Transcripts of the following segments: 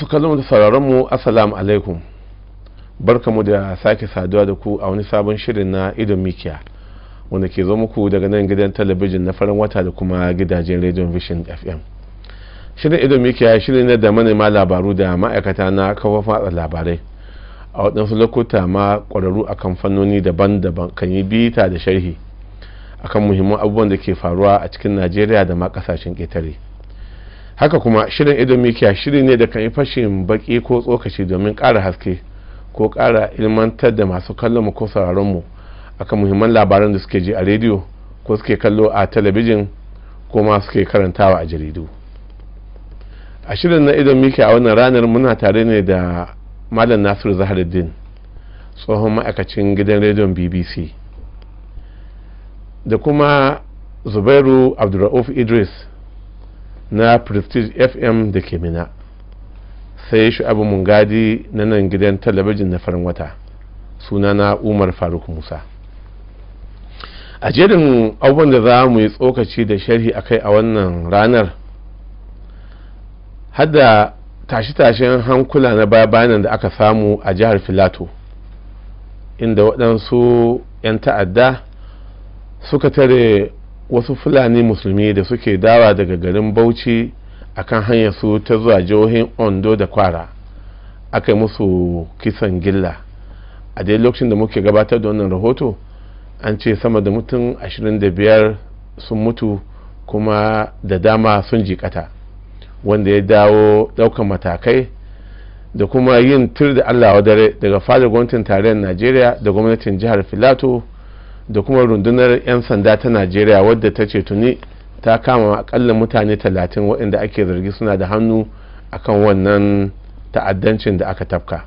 masu kallon da sauraron mu assalamu alaikum barkamu da sake saduwa da ku a wani sabon shirin na idon mikiya wanda ke zo muku daga nan gidan talabijin na farin wata da kuma gidajen radio vision fm shirin idon mikiya shirin ne da manema labaru da ma'aikata na kafofin watsa labarai a waɗansu lokuta ma ƙwararru kan fannoni daban-daban kan yi bita da sharhi akan muhimman abubuwan da ke faruwa a cikin najeriya da ma kasashen ƙetare haka kuma shirin idon mikiya shiri ne da kan yi fashin baki ko tsokaci domin kara haske ko kara ilmantar da masu kallon mu ko sauraron mu akan muhimman labaran da suke ji a rediyo ko suke kallo a talabijin ko ma suke karantawa a jaridu a shirin na idon mikiya a wannan ranar muna tare ne da malam nasiru zaharuddin tsohon ma'aikacin gidan rediyon bbc da kuma zubairu abdulrauf idris na prestige fm da ke mina sai shi abu shu'abu gadi na nan gidan talabijin na farin wata suna na umar faruk musa a jerin abubuwan da za mu yi tsokaci da sharhi a kai a wannan ranar hada tashe-tashen hankula na bayanan da aka samu a jihar filato inda waɗansu 'yan ta'adda suka tare wasu fulani musulmi da suke dawa daga garin bauchi a kan hanyar su ta zuwa jihohin ondo da kwara aka yi musu kisan gilla a dai lokacin da muke gabatar da wannan rahoto an ce sama da mutum 25 sun mutu kuma da dama sun jikata wanda ya dawo daukan matakai da kuma yin tur da allah dare daga fadar gwamnatin tarayyar najeriya da gwamnatin jihar filato da kuma rundunar 'yan sanda ta najeriya wadda ta ce tuni ta kama akalla mutane talatin waɗanda ake zargi suna da hannu a kan wannan ta'addancin da aka tafka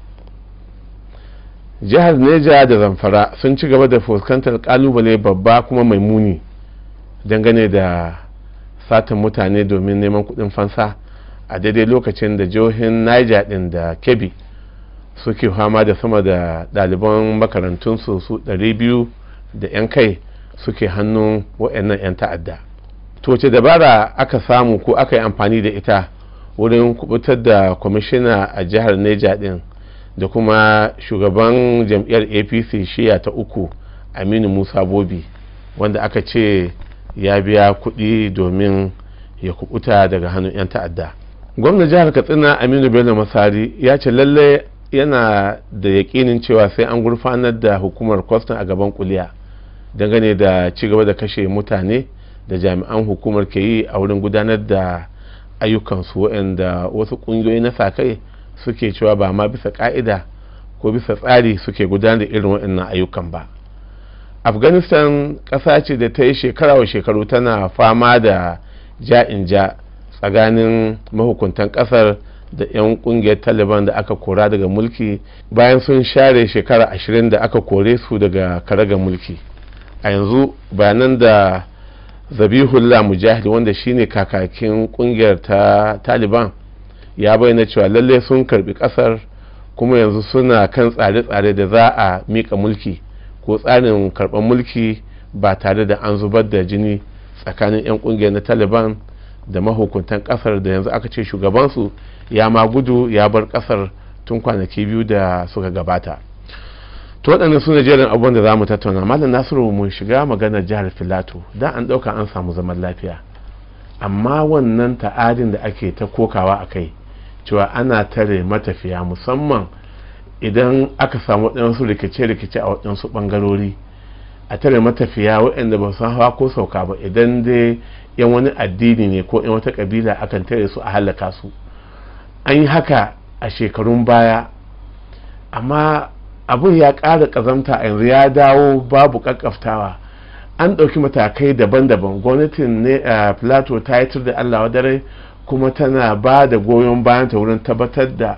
jihar neja da zamfara sun ci gaba da fuskantar kalubale babba kuma mai muni dangane da satan mutane domin neman kudin fansa a daidai lokacin da jihohin niger din da kebbi suke fama da sama da ɗaliban makarantunsu su 200 da 'yan kai suke hannun waɗannan 'yan ta'adda to dabara aka samu ko aka yi amfani da ita wurin kubutar da kwamishina a jihar neja din da kuma shugaban jam'iyyar apc shiya ta uku aminu musa bobi wanda aka ce ya biya kuɗi domin ya kubuta daga hannun 'yan ta'adda gwamnan jihar katsina aminu bello masari ya ce lalle yana da yakinin cewa sai an gurfanar da hukumar kwastan a gaban kuliya dangane da cigaba da kashe mutane da jami'an hukumar ke yi a wurin gudanar da ayyukansu waɗanda wasu ƙungiyoyi na sa-kai suke cewa ba ma bisa ƙa'ida ko bisa tsari suke gudanar da irin waɗannan ayyukan ba afghanistan ƙasa ce da ta yi shekara wa shekaru tana fama da ja in ja tsakanin mahukuntan ƙasar da 'yan ƙungiyar taliban da aka kora daga mulki bayan sun share shekara ashirin da aka kore su daga karagar mulki a yanzu ba nan da zabihullah mujahid wanda shine kakakin kungiyar ta taliban ya bayyana cewa lalle sun karbi kasar kuma yanzu suna kan tsare-tsare da za a mika mulki ko tsarin karban mulki ba tare da an zubar da jini tsakanin 'yan kungiyar na taliban da mahukuntan kasar da yanzu aka ce shugabansu ya ma gudu ya bar kasar tun kwanaki biyu da suka gabata to waɗannan su ne jerin abubuwan da za mu tattauna malam nasiru mun shiga maganar jihar filato dan an ɗauka an samu zaman lafiya amma wannan ta'adin da ake ta kokawa a kai cewa ana tare matafiya musamman idan aka samu waɗansu rikice-rikice a waɗansu ɓangarori a tare matafiya waɗanda ba su hawa ko sauka ba idan dai yan wani addini ne ko yan wata ƙabila akan tare su a halaka su an yi haka a shekarun baya amma abun ya ƙara ƙazamta a yanzu ya dawo babu ƙaƙƙaftawa an ɗauki matakai daban-daban gwamnatin ne a eh, plato ta yi da allah dare kuma tana ba da goyon bayan ta wurin tabbatar da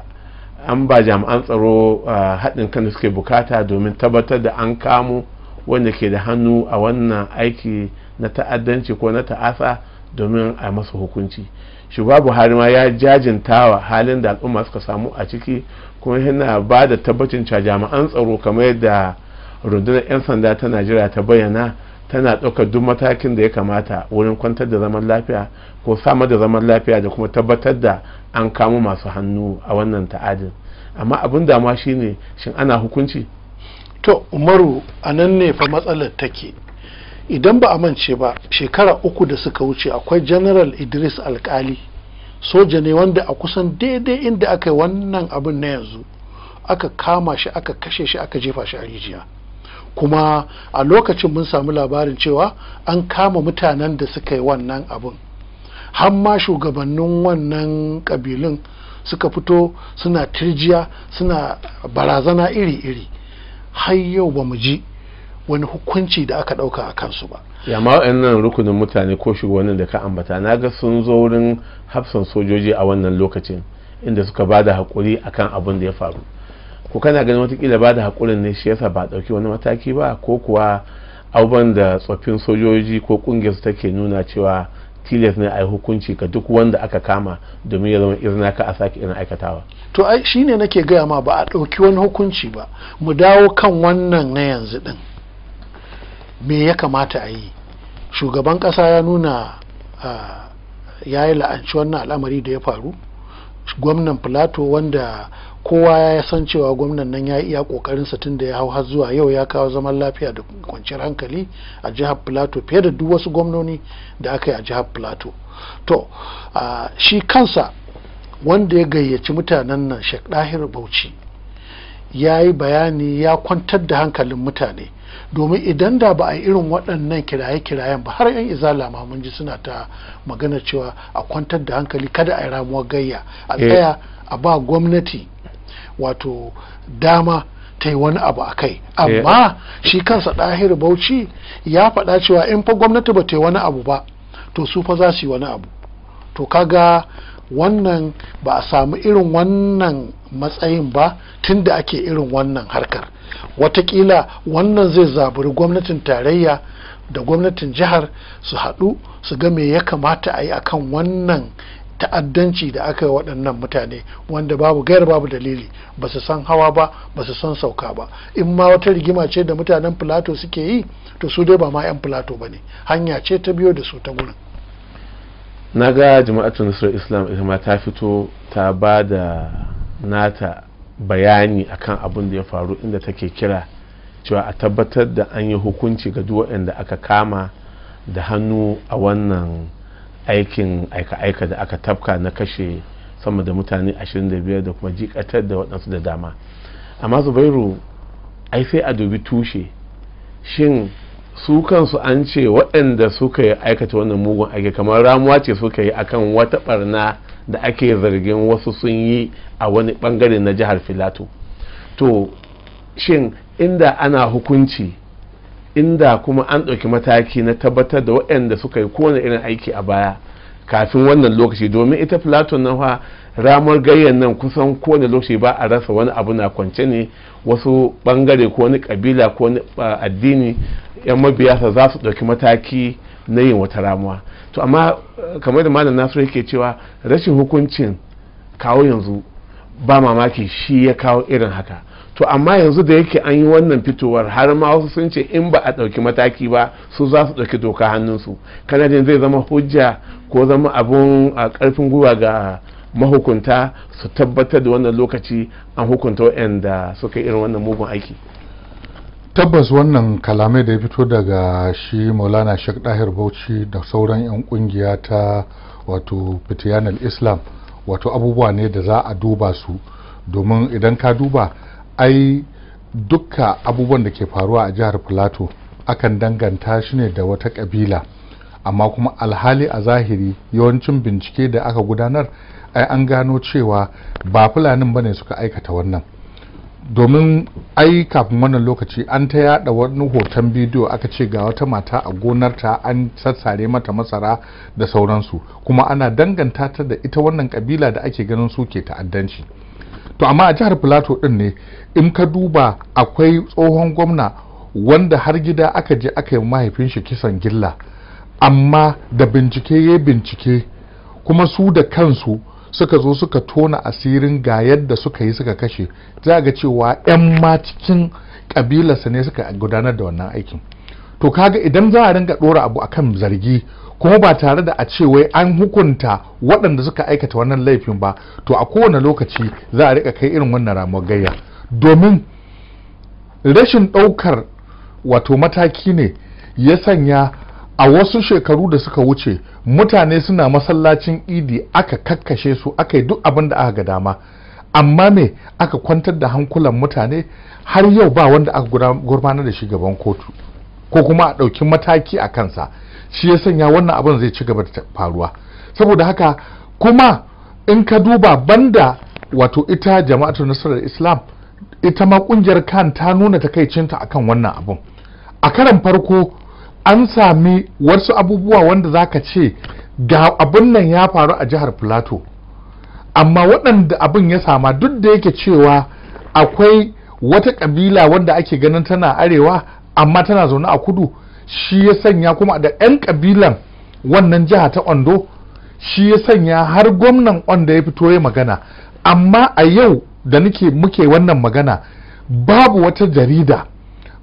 an ba jami'an tsaro eh, haɗin kan suke bukata domin tabbatar da an kamo wanda ke da hannu a wannan aiki na ta'addanci ko na ta'asa domin a masa hukunci shugaba buhari ma ya jajintawa halin da al'umma suka samu a ciki kuma yana ba da tabbacin ca jami'an tsaro kamar yadda rundunar 'yan sanda ta najeriya ta bayyana tana ɗaukar duk matakin da ya kamata wurin kwantar da zaman lafiya ko samar da zaman lafiya da kuma tabbatar da an kamo masu hannu a wannan ta'adin amma abin dama shine shin ana hukunci to umaru a nan ne fa matsalar take idan ba a mance ba shekara uku da suka wuce akwai general idris alkali soja ne wanda a kusan daidai inda aka yi wannan abin na yanzu aka kama shi aka kashe shi aka jefa shi a rijiya kuma a lokacin mun samu labarin cewa an kama mutanen da suka yi wannan abin har ma shugabannin wannan kabilun suka fito suna tirjiya suna barazana iri-iri har yau ba mu ji wani hukunci da aka ɗauka a kansu ba ya ma waɗannan rukunin mutane ko wani da ka ambata na ga sun zo wurin hafsan sojoji a wannan lokacin inda suka ba da haƙuri a kan abin da ya faru ko kana ganin watakila ba da haƙurin ne shi yasa ba ɗauki wani mataki ba ko kuwa abubuwan da tsoffin sojoji ko ƙungiyar su take nuna cewa tilas ne a yi hukunci ka duk wanda aka kama domin ya zama izina ka a sake irin aikatawa to ai shine nake gaya ma ba a ɗauki wani hukunci ba mu dawo kan wannan na yanzu ɗin me ya kamata a yi shugaban kasa ya nuna ya yi la'anci wannan al'amari da ya faru gwamnan plato wanda kowa ya san cewa gwamnan nan ya yi iya kokarin sa tunda ya hau har zuwa yau ya kawo zaman lafiya da kwanciyar hankali a jihar plato fiye da duk wasu gwamnoni da aka yi a jihar plato to shi kansa wanda ya gayyaci mutanen nan shek dahir bauchi ya yi bayani ya kwantar da hankalin mutane domin idan da ba a yi irin waɗannan kiraye-kirayen ba har 'yan izala ma mun ji suna ta magana cewa a kwantar da hankali kada a yi ramuwar gayya a eh. tsaya a ba gwamnati wato dama ta yi wani abu a kai eh. amma shi kansa ɗahir bauchi ya faɗa cewa in fa gwamnati ba ta yi wani abu ba to su fa za su yi wani abu to kaga wannan ba a samu irin wannan matsayin ba tun da ake irin wannan harkar watakila wannan zai zaburi gwamnatin tarayya da gwamnatin jihar su haɗu su ga me ya kamata a yi akan wannan ta'addanci da aka yi waɗannan mutane wanda babu gayar babu dalili ba su san hawa ba ba su san sauka ba in ma wata rigima ce da mutanen filato suke yi to su dai ba ma 'yan filato ba ne hanya ce ta biyo da su ta gurin na ga jama'atun nasarar islam ita ma ta fito ta ba da nata bayani akan abin da ya faru inda take kira cewa a tabbatar da an yi hukunci ga duk waɗanda aka kama da hannu a wannan aikin aika-aika da aka tafka na kashe sama da mutane 25 da kuma jikatar da waɗansu da dama amma zubairu ai sai a dubi tushe shin su kansu an ce waɗanda suka yi aikata wannan mugun aiki kamar ramuwa ce suka yi akan wata barna da ake zargin wasu sun yi a wani bangare na jihar filato to shin inda ana hukunci inda kuma an ɗauki mataki na tabbatar da waɗanda suka yi kowane irin aiki a baya kafin wannan lokaci domin ita filato na fa ramar gayyar nan kusan kowane lokaci ba a rasa wani abu na kwance ne wasu bangare ko wani kabila ko wani ah, addini 'yan mabiyasa za su ɗauki mataki na yin wata ramuwa to amma eh, kamar da malam nasiru yake cewa rashin hukuncin kawo yanzu ba mamaki shi ya kawo irin haka to amma yanzu da yake an yi wannan fitowar har ma wasu sun ce in ba a ɗauki mataki ba su za su ɗauki doka hannunsu kanajin zai zama hujja ko zama abun a ƙarfin gwiwa ga mahukunta su tabbatar da wannan lokaci an hukunta waɗanda suka irin wannan mugun aiki tabbas wannan kalamai da ya fito daga shi maulana shek dahir bauchi da sauran 'yan kungiya ta wato fitiyanar islam wato abubuwa ne da za a duba su domin idan ka duba ai dukka abubuwan da ke faruwa a jihar plateau akan danganta shi ne da wata kabila amma kuma alhali a zahiri yawancin bincike da aka gudanar ai an gano cewa ba fulanin bane suka aikata wannan domin ai kafin wannan lokaci an ta yada wani hoton bidiyo aka ce ga wata mata a gonarta an sassare mata masara da sauransu kuma ana danganta ta da ita wannan kabila da ake ganin su ke ta'addanci to amma a jihar plateau din ne in ka duba akwai tsohon gwamna wanda har gida aka je aka yi mahaifin shi kisan gilla amma da bincike ya bincike kuma su da kansu suka zo suka tona asirin ga yadda suka yi suka kashe za ga cewa 'yan ma cikin kabilarsa ne suka gudanar da wannan aikin to kaga idan za a ringa dora abu akan zargi kuma ba tare da a ce wai an hukunta waɗanda suka aikata wannan laifin ba to a kowane lokaci za a rika kai irin wannan ramuwar gayya domin rashin ɗaukar wato mataki ne ya sanya a wasu shekaru da suka wuce mutane suna masallacin idi aka kakkashe su aka yi duk abin da aka ga dama amma me aka kwantar da hankulan mutane har yau ba wanda aka gurfanar da shi gaban kotu ko kuma a ɗauki mataki a kansa shi ya sanya wannan abin zai ci gaba da faruwa saboda haka kuma in ka duba banda wato ita jama'atu nasarar islam ita ma kungiyar kan ta nuna takaicinta akan wannan abin a karan farko an sami wasu abubuwa wanda za ka ce ga abin nan ya faru a jihar plateau amma waɗanda abin ya sama duk da yake cewa akwai wata ƙabila wanda ake ganin tana arewa amma tana zaune a kudu shi ya sanya kuma da 'yan ƙabilan wannan jiha ta ondo shi ya sanya har gwamnan ondo ya fito ya magana amma a yau da nake muke wannan magana babu wata jarida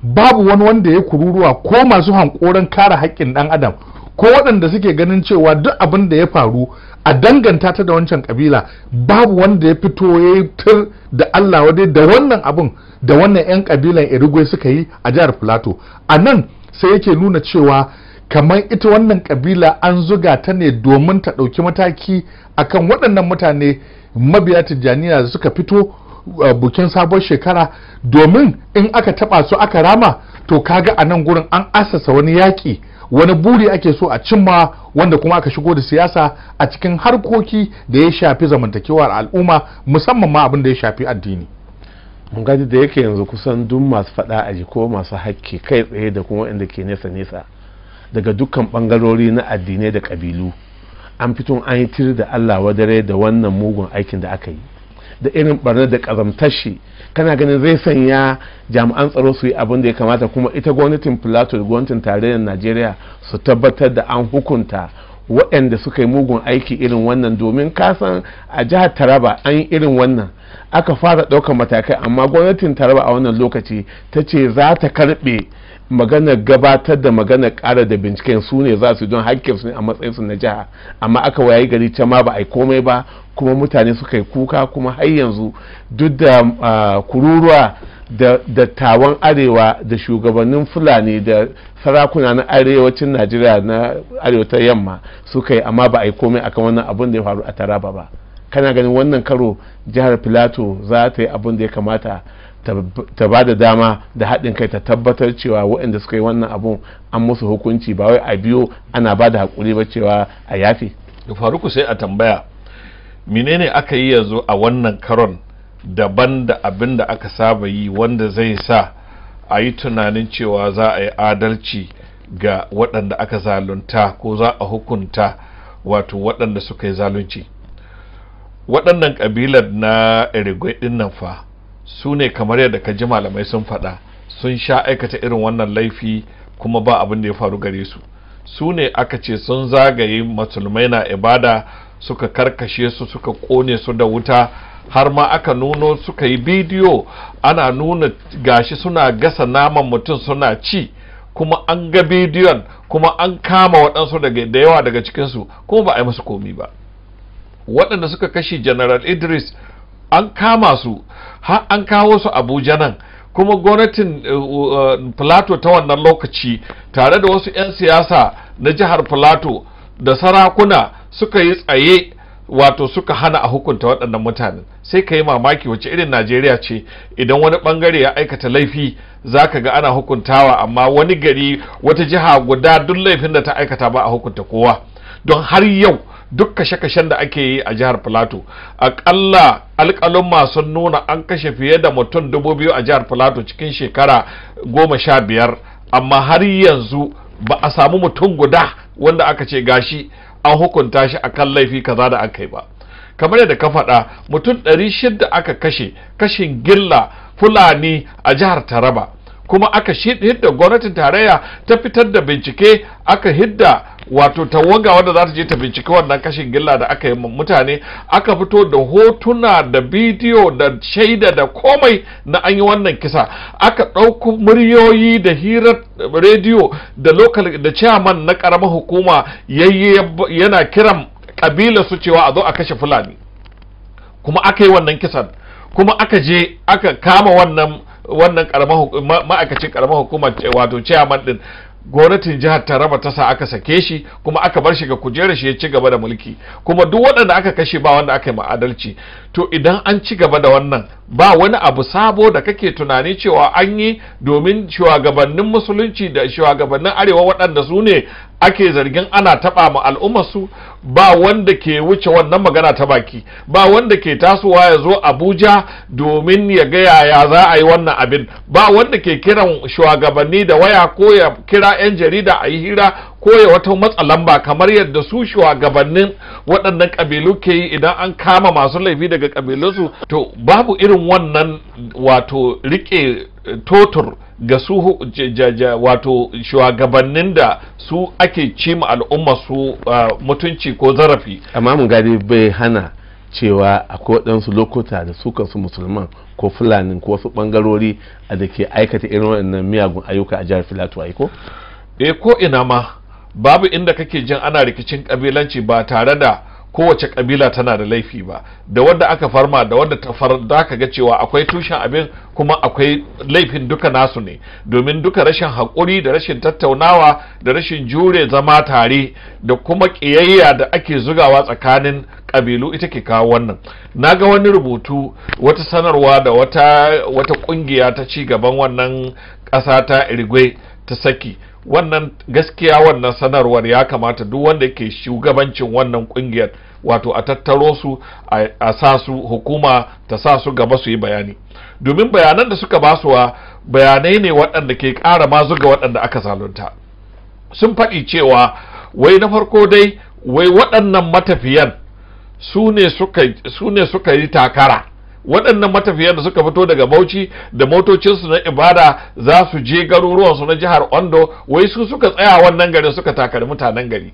babu wani wanda ya kururuwa ko masu hankoran kare haƙƙin ɗan adam ko waɗanda suke ganin cewa duk abin da ya faru a danganta ta da wancan kabila babu wanda ya fito ya yi tur da Allah wadai da wannan abin da wannan 'yan kabilan Irigwe suka yi a jihar Filato a nan sai yake nuna cewa kamar ita wannan kabila an zuga ta ne domin ta ɗauki mataki akan waɗannan mutane mabiya tijjaniya da suka fito Uh, bukin sabon shekara domin in aka taba su aka rama to kaga a nan gurin an asasa wani yaƙi wani buri ake so a cimma wanda kuma aka shigo da siyasa a cikin harkoki da ya shafi zamantakewar al'umma musamman ma abin da ya shafi addini gaji da yake yanzu kusan duk masu fada a ko masu hakki kai tsaye da kuma inda ke nesa nesa daga dukkan bangarori na addinai da kabilu an fito an yi tir da allah wadare da wannan mugun aikin da aka yi da irin barna da ƙazamtar shi kana ganin zai sanya jami'an tsaro su yi abin da ya kamata kuma ita gwamnatin plateau da gwamnatin tarayyar najeriya su tabbatar da an hukunta waɗanda suka yi mugun aiki irin wannan domin kasan a jihar taraba an yi irin wannan aka fara ɗaukar matakai amma gwamnatin taraba a wannan lokaci ta ce za ta karɓe maganar gabatar da maganar ƙara da binciken su ne za su don su ne a matsayinsu na jiha amma aka wayi gari can ma ba a yi komai ba kuma mutane suka yi kuka kuma har yanzu duk da kururuwa da dattawan arewa da shugabannin fulani da sarakuna na arewacin najeriya na arewa ta yamma suka yi amma ba a yi komai akan wannan abin da ya faru a taraba ba kana ganin wannan karo jihar filato za ta yi abin da ya kamata ta ba da dama da haɗin kai ta tabbatar cewa waɗanda suka yi wannan abun an musu hukunci ba wai a biyo ana ba da haƙuri ba cewa a yafe faruku sai a tambaya menene aka yi yanzu a wannan karon daban da abin da aka saba yi wanda zai sa a yi tunanin cewa za a yi adalci ga waɗanda aka zalunta ko za a hukunta wato waɗanda suka yi zalunci waɗannan ƙabilar na irigwe ɗin nan fa su ne kamar yadda ka ji malamai sun faɗa sun sha aikata irin wannan laifi kuma ba abin da ya faru gare su su ne aka ce sun zagaye musulmai na ibada suka karkashe su suka ƙone su da wuta har ma aka nuno suka yi bidiyo ana nuna gashi suna gasa naman mutum suna ci kuma an ga bidiyon kuma an kama waɗansu da yawa daga cikinsu kuma ba a yi musu komi ba waɗanda suka kashe general idris an kama su har an kawo su abuja nan kuma gwamnatin eh, eh, plato ta wannan lokaci tare da wasu 'yan siyasa na jihar plato da sarakuna suka yi tsaye wato suka hana a hukunta waɗannan mutanen sai ka yi mamaki wace irin najeriya ce idan wani ɓangare ya aikata laifi za ka ga ana hukuntawa amma wani gari wata jiha guda duk laifin da ta aikata ba a hukunta kowa don har yau duk kashe-kashen da ake yi a jihar Filato akalla alƙalin masu nuna an kashe fiye da mutum dubu biyu a jihar Filato cikin shekara goma sha biyar amma har yanzu ba a samu mutum guda wanda aka ce gashi an hukunta shi akan laifi kaza da aka yi ba kamar yadda ka faɗa mutum ɗari shida aka kashe kashin gilla fulani a jihar Taraba kuma aka hidda gwamnatin tarayya ta fitar da bincike aka hidda wato tawaga wanda za ta je ta bincike wannan kashin gilla da aka yi mutane aka fito da hotuna da bidiyo da shaida da komai na an yi wannan kisa aka ɗauko muryoyi da hirar rediyo da lokal da chairman na ƙaramar hukuma yana kiran ƙabilar su cewa a zo a kashe fulani kuma aka yi wannan kisan kuma aka je aka kama wannan wannan karamar ma'aikacin karamar hukuma wato chairman din gwamnatin jihar taraba ta sa aka sake shi kuma aka bar shi ga kujerar shi ya ci gaba da mulki kuma duk waɗanda aka kashe ba wanda aka yi ma'adalci to idan an ci gaba da wannan ba wani abu sabo da kake tunani cewa an yi domin shugabannin musulunci da shugabannin arewa waɗanda su ne ake zargin ana taɓa ma al'ummarsu ba wanda ke wuce wannan magana ta baki ba wanda ke tasowa ya zo abuja domin ya ga yaya za a yi wannan abin ba wanda ke kiran shugabanni da waya ko ya kira 'yan jarida a yi hira ko ya wata matsa lamba kamar yadda su shugabannin waɗannan ƙabilu ke yi idan an kama masu laifi daga ƙabilunsu to babu irin wannan wato riƙe totur ga su wato shugabannin da su ake cima al'umma su mutunci ko zarafi amma mun gadi bai hana cewa akwai waɗansu lokuta da su kansu musulman ko fulani ko wasu ɓangarori a da ke aikata irin waɗannan miyagun ayyuka a jihar filato e ko ina ma babu inda kake jin ana rikicin kabilanci ba tare da kowace kabila tana da laifi ba da wadda aka farma da wadda ta far da ka ga cewa akwai tushen abin kuma akwai laifin duka nasu ne domin duka rashin haƙuri da rashin tattaunawa da rashin jure zama tare da kuma ƙiyayya da ake zugawa tsakanin kabilu ita ke kawo wannan na ga wani rubutu wata sanarwa da wata wata ƙungiya ta ci gaban wannan ƙasa ta irigwe ta saki wannan gaskiya wannan sanarwar ya kamata duk wanda ke shugabancin wannan kungiyar wato a tattaro su a sa su hukuma ta sa su gaba su yi bayani domin bayanan da suka basuwa bayanai ne waɗanda ke ƙara ma zuga waɗanda aka zalunta sun faɗi cewa wai na farko dai wai waɗannan matafiyan su ne suka yi takara waɗannan matafiya da suka fito daga bauchi da motocinsu na ibada za su je garuruwansu na jihar ondo wai su suka tsaya wannan gari suka takari mutanen gari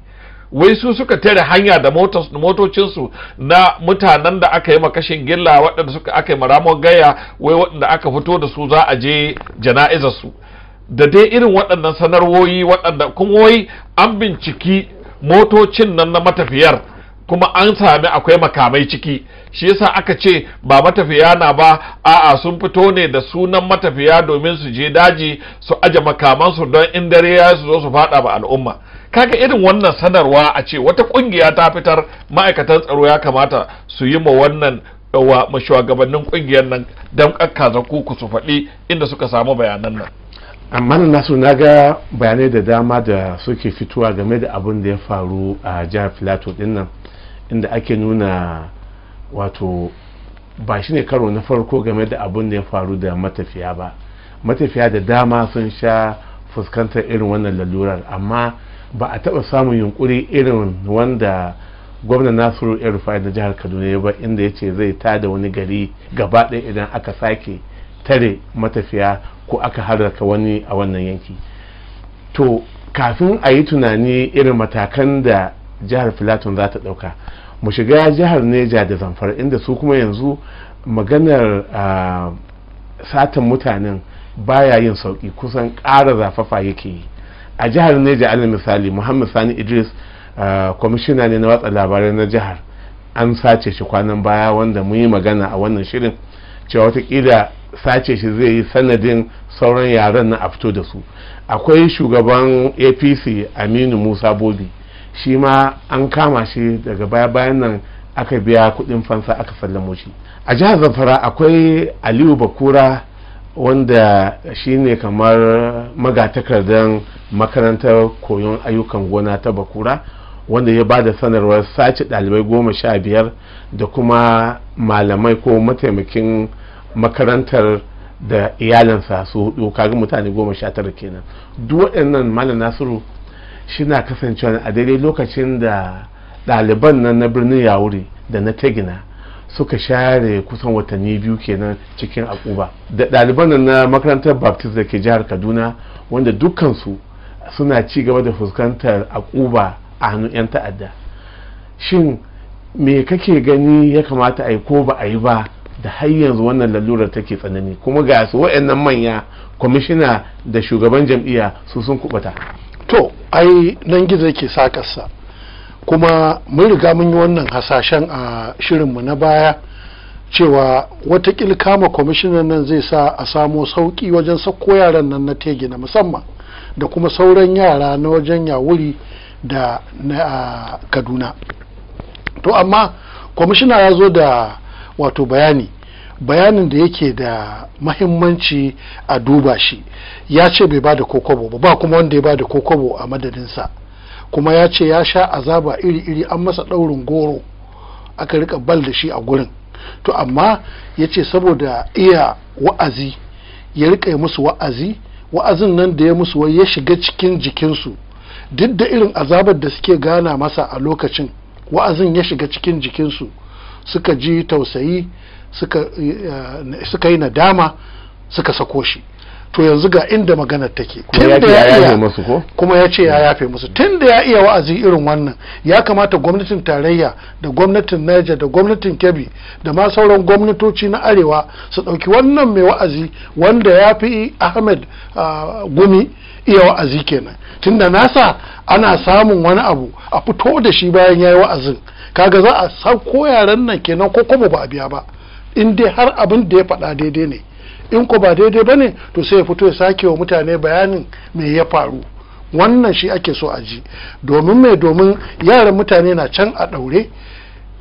wai su suka tare hanya da motocinsu na mutanen da aka yi makashin gilla waɗanda suka aka yi maramon gaya wai waɗanda aka fito da su za a je jana'izarsu da dai irin waɗannan sanarwoyi waɗanda kuma wai an binciki motocin nan na matafiyar kuma an sami akwai makamai ciki shi yasa aka ce ba matafiya na ba a'a sun fito ne da sunan matafiya domin su je daji su aje makamansu don in dare ya su zo su fada ba al'umma kaga irin wannan sanarwa a ce wata kungiya ta fitar ma'aikatan tsaro ya kamata su yi ma wannan wa mashugabannin kungiyar nan don kakkaza kuku su faɗi inda suka samu bayanan nan amma na nasu na ga bayanai da dama da suke fitowa game da abin da ya faru a jihar filato nan. inda ake nuna wato ba shi ne karo na farko game da abun da ya faru da matafiya ba matafiya da dama sun sha fuskantar irin wannan lalurar amma ba a taɓa samun yunkuri irin wanda gwamnan nasiru ya rufa na jihar kaduna ya ba inda ya ce zai tada wani gari gaba ɗaya idan aka sake tare matafiya ko aka harraka wani a wannan yanki to kafin a yi tunani irin matakan da jihar filaton za ta ɗauka mu shiga jihar neja da zamfara inda su kuma yanzu maganar satan mutanen baya yin sauki kusan ƙara zafafa yake yi a jihar neja alal misali muhammad sani idris kwamishina ne na watsa labarai na jihar an sace shi kwanan baya wanda mun yi magana a wannan shirin cewa watakila sace shi zai yi sanadin sauran yaren na a fito da su akwai shugaban apc aminu musa bobi shi ma an kama shi daga baya bayan nan aka biya kudin fansa aka sallamo shi a jihar zamfara akwai aliyu bakura wanda shine kamar magatakardan makarantar koyon ayyukan gona ta bakura wanda ya ba da sanarwar sace dalibai goma sha biyar da kuma malamai ko mataimakin makarantar da iyalinsa su hudu kaga mutane goma sha tara kenan duk waɗannan malam nasiru shi kasancewa a daidai lokacin da ɗaliban nan na birnin yawuri da na tegina suka share kusan watanni biyu kenan cikin akuba da ɗaliban nan na makarantar baptist da ke jihar kaduna wanda dukkansu suna ci gaba da fuskantar akuba a hannun 'yan ta'adda shin me kake gani ya kamata a yi ko ba a yi ba da har yanzu wannan lalurar take tsanani kuma ga su waɗannan manya kwamishina da shugaban jam'iyya su sun kubata to ai nan gizo yake sakarsa kuma mun riga mun yi wannan hasashen a shirin mu na baya cewa watakil kama kwamishinan nan zai sa a samo sauƙi wajen sauko yaran nan na tege na musamman da kuma sauran yara na wajen yawuri da na kaduna to amma kwamishina ya zo da wato bayani bayanin da yake da mahimmanci a duba shi ya ce bai ba da kokobo ba ba kuma wanda ya ba da kokobo a madadinsa kuma ya ce ya sha azaba iri-iri an masa ɗaurin goro aka rika bal da shi a gurin to amma ya ce saboda iya wa'azi ya rika musu wa'azi wa'azin nan da ya musu wai ya shiga cikin jikinsu duk da irin azabar da suke gana masa a lokacin wa'azin ya shiga cikin jikinsu suka ji tausayi eh, suka yi nadama suka sako shi to yanzu ga inda maganar take kuma ya ce ya yafe musu tun da ya iya wa'azi irin wannan ya kamata gwamnatin tarayya da gwamnatin Niger da gwamnatin Kebbi da ma sauran gwamnatoci na arewa su ɗauki wannan mai wa'azi wanda ya fi Ahmed ah, Gumi iya wa'azi kenan tunda nasa ana samun wani abu a fito da shi bayan ya yi wa'azin kaga za a sauko yaran nan kenan ko kuma ba a biya ba in dai har abin da ya faɗa daidai ne in ko ba daidai ba ne to sai ya fito ya sake wa mutane bayanin me ya faru wannan shi ake so a ji domin mai domin yaran mutane na can a ɗaure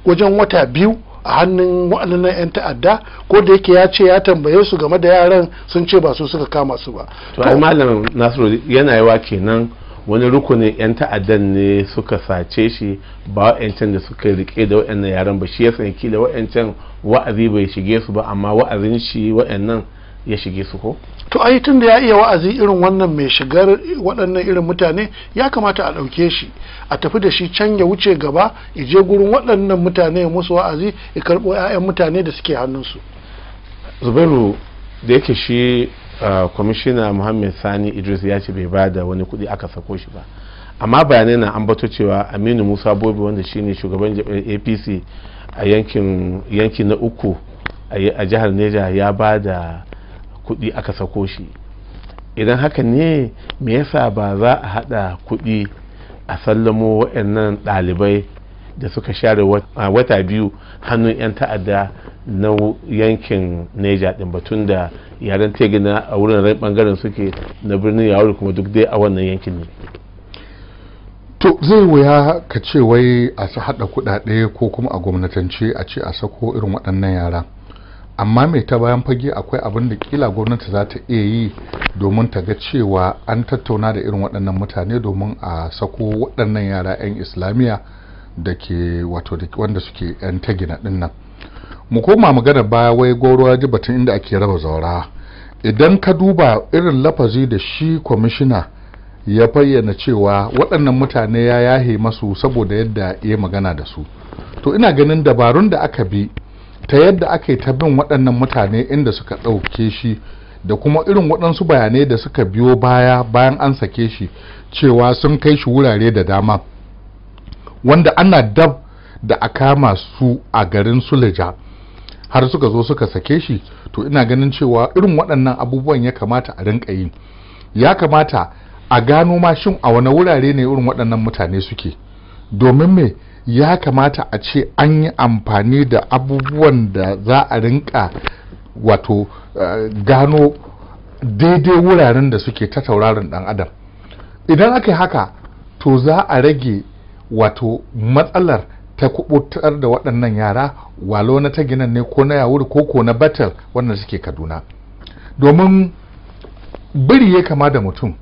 wajen wata biyu a hannun waɗannan 'yan ta'adda ko da yake ya ce ya tambaye su game da yaran sun ce ba su suka kama su ba to ai malam nasiru yana yawa kenan wani rukunin 'yan ta'addan ne suka sace shi ba wa'yancan da suka rike da wa'annan yaren ba shi ya sanya kila wa'yancan wa'azi bai shige su ba amma wa'azin shi wa'annan ya shige su ko to ai tun da ya iya wa'azi irin wannan mai shigar waɗannan irin mutane ya kamata a ɗauke shi a tafi da shi can ya wuce gaba ya gurin waɗannan mutane ya musu wa'azi ya karɓo 'ya'yan mutane da suke hannunsu zubairu da yake shi kwamishina uh, muhammed sani idris ya ce bai ba da wani kuɗi aka sako shi ba amma bayanai na an bato cewa aminu musa bobi wanda shine shugaban apc a yanki na uku a jihar neja ya ba da kuɗi aka sako shi idan haka ne me yasa ba za a haɗa kuɗi a sallamo waɗannan ɗalibai da suka share wata biyu hannun 'yan ta'adda na yankin neja din batun da yaren tegina a wurin bangaren suke na birnin yawon kuma duk dai a wannan yankin ne to zai wuya ka ce wai a su haɗa kuɗaɗe ko kuma a gwamnatance a ce a sako irin waɗannan yara amma mai ta bayan fage akwai abin da kila gwamnati za ta iya yi domin ta ga cewa an tattauna da irin waɗannan mutane domin a sako waɗannan yara 'yan islamiyya da ke wato wanda suke yan tagina din nan mu koma magana baya wai goro ji batun inda ake raba zaura idan ka duba irin lafazi da shi kwamishina ya bayyana cewa waɗannan mutane ya yahe masu saboda yadda ya magana da su to ina ganin dabarun da aka bi ta yadda aka yi ta bin waɗannan mutane inda suka ɗauke shi da kuma irin waɗansu bayanai da suka biyo baya bayan an sake shi cewa sun kai shi wurare da dama wanda ana dab da a kama su a garin sulaja har suka zo suka sake shi to ina ganin cewa irin waɗannan abubuwan ya kamata a rinka yi ya kamata a gano ma shin a wani wurare ne irin waɗannan mutane suke domin me ya kamata a ce an yi amfani da abubuwan da za a rinka wato eh, gano daidai wuraren da suke ta tauraron ɗan adam idan aka yi haka to za a rage wato matsalar ta kubutar da waɗannan yara walo na ta ginan ne ko na yawuri ko ko na batal wannan suke kaduna domin biri ya kama da mutum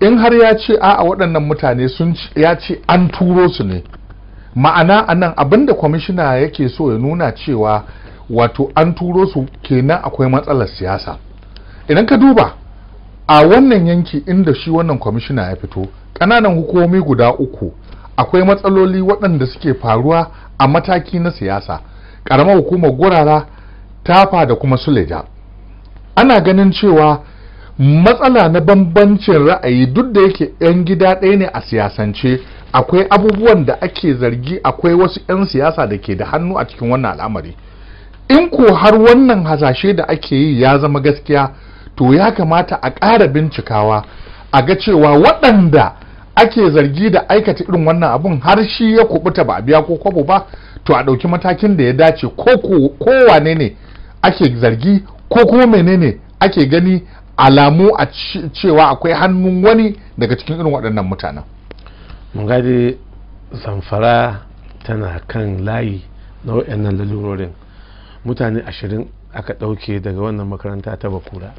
in har ya ce a waɗannan mutane sun ya ce an turo su ne ma'ana a nan abinda kwamishina yake so ya nuna cewa wato an turo su kenan akwai matsalar siyasa idan ka duba a wannan yanki inda shi wannan kwamishina ya fito ƙananan hukumomi guda uku akwai matsaloli waɗanda suke faruwa a mataki na siyasa ƙaramar hukumar gurara tafa da kuma suleja ana ganin cewa matsala na bambancin ra'ayi duk da yake 'yan gida ɗaya ne a siyasance akwai abubuwan da ake zargi akwai wasu 'yan siyasa da ke da hannu a cikin wannan al'amari in ko har wannan hasashe da ake yi ya zama gaskiya to ya kamata a ƙara bincikawa a ga cewa waɗanda ake zargi da aikata irin wannan abun har shi ya kubuta ba a biya ko kwabo ba to a ɗauki matakin da ya dace ko kowane ne ake zargi ko kuma menene ake gani alamu a cewa akwai hannun wani daga cikin irin waɗannan mutanen gadi zamfara tana kan layi na waɗannan lalurorin mutane ashirin aka ɗauke daga wannan makaranta ta bakura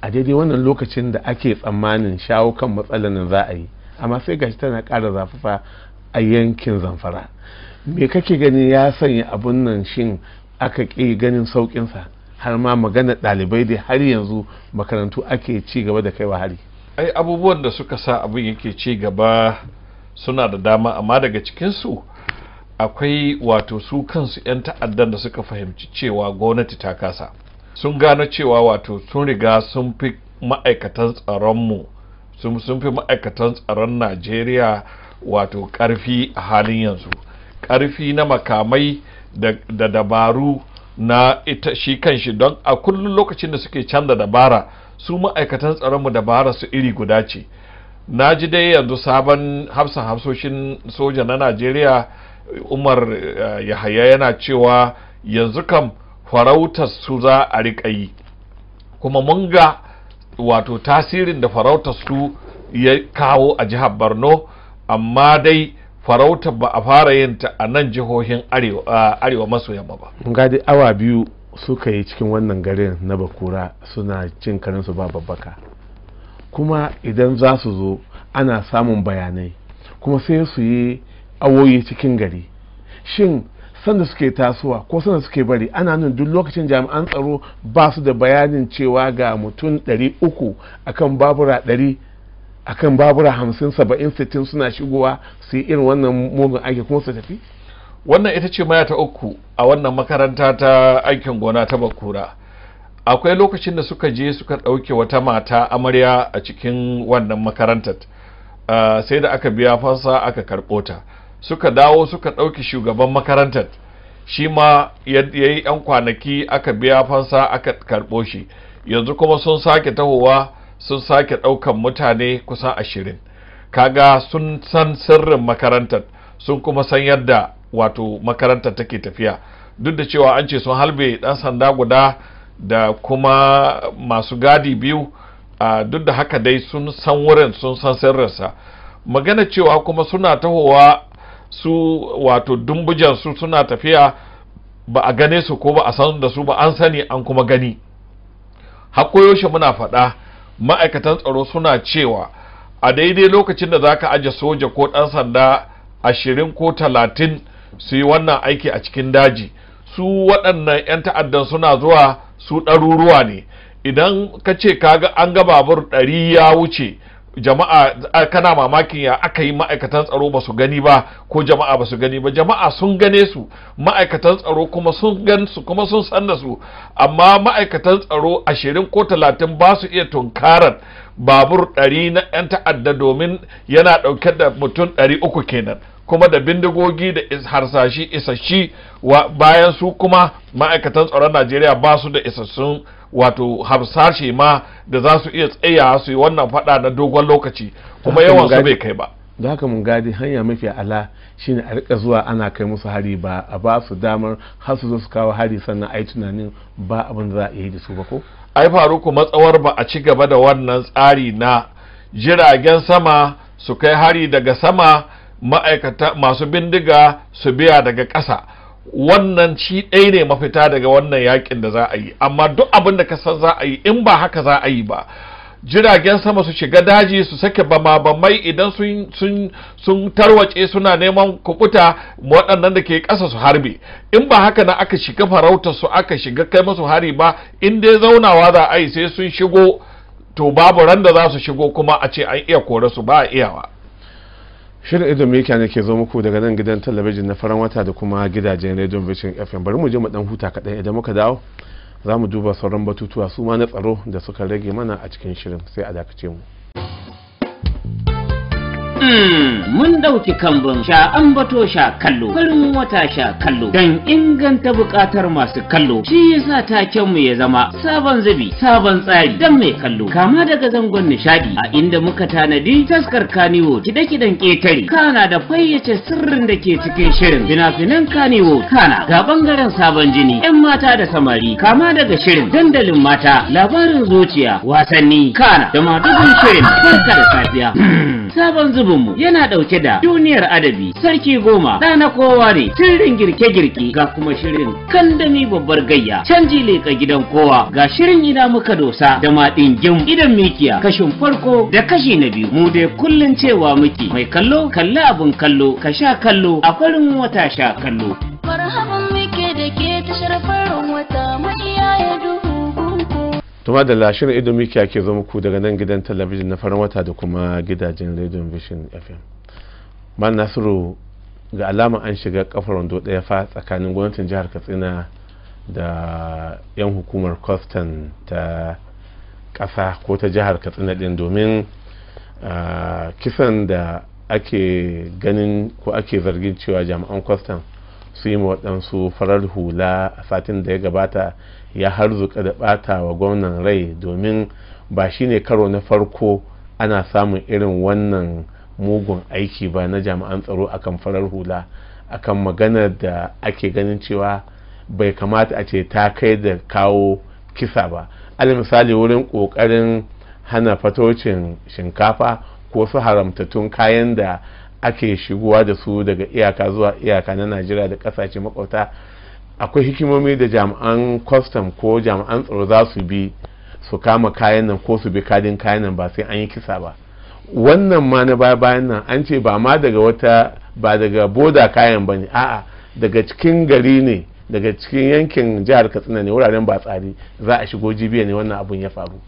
a daidai wannan lokacin da ake tsammanin shawo kan matsalar za a yi amma sai gashi tana ƙara zafafa a yankin zamfara me kake gani ya sanya abun nan shin aka ƙi ganin sauƙinsa har ma magana ɗalibai dai har yanzu makarantu ake ci gaba da kaiwa hari ai abubuwan da suka sa abin yake ci gaba suna da dama amma daga cikinsu akwai wato su kansu 'yan ta'addan da suka fahimci cewa gwamnati ta kasa sun gano cewa wato sun riga sun fi ma'aikatan tsaronmu sun fi ma'aikatan tsaron najeriya wato karfi a halin yanzu karfi na makamai da dabaru na ita shi kan shi don a kullum lokacin da suke canza dabara su ma'aikatan tsaronmu dabara su iri guda ce na ji dai yanzu sabon hafsan hafsoshin soja na najeriya umar eh, yahaya yana cewa yanzu kam farautar su za a riƙa yi kuma mun ga wato tasirin da farautar su ya kawo a jihar borno amma dai farauta ba a fara yin ta a nan jihohin arewa maso yamma ba dai awa biyu suka yi cikin wannan garin na bakura suna cin su ba babbaka kuma idan za su zo ana samun bayanai kuma sai su yi awoyi cikin gari shin sanda suke tasowa ko sanda suke bari ana nan duk lokacin jami'an tsaro ba su da bayanin cewa ga mutum 300 akan babura 100 akan babura 50 70 60 suna shigowa su yi irin wannan mugun aiki kuma su tafi wannan ita ce maya ta uku a wannan makaranta ta aikin gona ta bakura akwai lokacin da suka je suka ɗauke wata mata amarya a cikin wannan makarantar ah, sai da aka biya fasa aka karɓo ta suka dawo suka ɗauki shugaban makarantar shi ma ya yi 'yan kwanaki aka biya fansa aka karɓo shi yanzu kuma sun sake tahowa sun sake ɗaukan mutane kusan ashirin kaga sun san sirrin makarantar sun kuma san yadda wato makarantar take tafiya duk da cewa an ce sun halbe ɗan sanda guda da kuma masu gadi biyu duk da haka dai sun san wurin sun san sirrinsa magana cewa kuma suna tahowa su wato dumbujan su suna tafiya ba a gane su ko ba a san da su ba an sani an kuma gani hakoyoshi muna faɗa ma'aikatan tsaro suna cewa a daidai lokacin da zaka aje soja ko ɗan sanda ashirin ko talatin su yi wannan aiki a cikin daji su waɗannan 'yan ta'addan suna zuwa su ɗaruruwa ne idan ka ce kaga an ga babur ɗari ya wuce jama'a kana mamakin ya aka yi ma'aikatan tsaro ba su gani ba ko jama'a ba su gani ba jama'a sun gane su ma'aikatan tsaro kuma sun gan su kuma sun san da su amma ma'aikatan tsaro ashirin ko talatin ba su iya tunkarar babur ɗari na 'yan ta'adda domin yana ɗauke da mutum ɗari uku kenan kuma da bindigogi da harsashi isasshi bayan su kuma ma'aikatan tsaron najeriya ba su da isassun wato harsashe ma da za su iya tsaya su yi wannan fada na dogon lokaci kuma yawan su bai kai ba da haka mun gadi hanya mafi ala shine a rika zuwa ana kai musu hari ba a ba su damar har su su kawo hari sannan a yi tunanin ba abin za a yi da su ba ko ai faruku matsawar ba a ci gaba da wannan tsari na jiragen sama su kai hari daga sama ma'aikata masu bindiga su biya daga ƙasa wannan ci ɗaya ne mafita daga wannan yakin da za a yi amma duk abin da ka san za a yi in ba haka za a yi ba jiragen sama su shiga daji su sake bama-bamai idan sun tarwace suna neman kubuta waɗannan da ke ƙasa su harbe in ba haka na aka shiga farautar su aka shiga kai masu hari ba in dai zaunawa za a yi sai sun shigo to babu randa za su shigo kuma a ce an iya kore su ba a iyawa shirin idon meka ne ke zo muku daga nan gidan talabijin na faran wata da kuma gidajen rediyon vision fm bari mu je mu dan huta kaɗan idan muka dawo za mu duba sauran batutuwa su ma na tsaro da suka rage mana a cikin shirin sai a dakace mu. Hmm, mun ɗauki kambun sha ambato sha kallo farin wata sha kallo don inganta buƙatar masu kallo shi yasa takenmu ya zama sabon zubi sabon tsari don mai kallo kama daga zangon nishadi a inda muka tanadi taskar kaniwo kide kidan ƙetare kana da fayyace sirrin da ke cikin shirin fina-finan kaniwo kana ga bangaren sabon jini 'yan mata da samari kama daga shirin dandalin mata labarin zuciya wasanni kana da madugun shirin farka da safiya hmm, sabon zubi zubinmu yana ɗauke da duniyar adabi sarki goma ɗa kowa ne shirin girke-girke ga kuma shirin kandami babbar gayya canji leƙa gidan kowa ga shirin ina muka dosa da maɗin gim idan mikiya kashin farko da kashi na biyu mu dai kullum cewa muke mai kallo kalli abin kallo ka sha kallo a farin wata sha kallo tuma da lashin ido miki ake zo muku daga nan gidan talabijin na farin wata da kuma gidajen radio vision fm man nasiru ga alama an shiga kafar wando daya fa tsakanin gwamnatin jihar katsina da 'yan hukumar kwastan ta kasa ko ta jihar katsina din domin kisan da ake ganin ko ake zargin cewa jami'an kwastan su yi waɗansu farar hula a satin da ya gabata ya harzuka da bata wa gwamnan rai domin ba shine karo na farko ana samun irin wannan mugun aiki ba na jami'an tsaro akan farar hula akan magana da ake ganin cewa bai kamata a ce ta kai da kawo kisa ba al misali wurin kokarin hana fatocin shinkafa ko su haramtattun kayan da ake shigowa da su daga iyaka zuwa iyaka na najeriya da kasashe makauta akwai hikimomi da jami'an kwastam ko jami'an tsaro za su bi su kama kayan nan ko su bi kadin kayan nan ba sai an yi kisa ba wannan ma na baya bayan nan an ce ba ma daga wata ba daga boda kayan ba ne a'a daga cikin gari ne daga cikin yankin jihar katsina ne wuraren ba tsari za a shigo jibiya ne wannan abun ya faru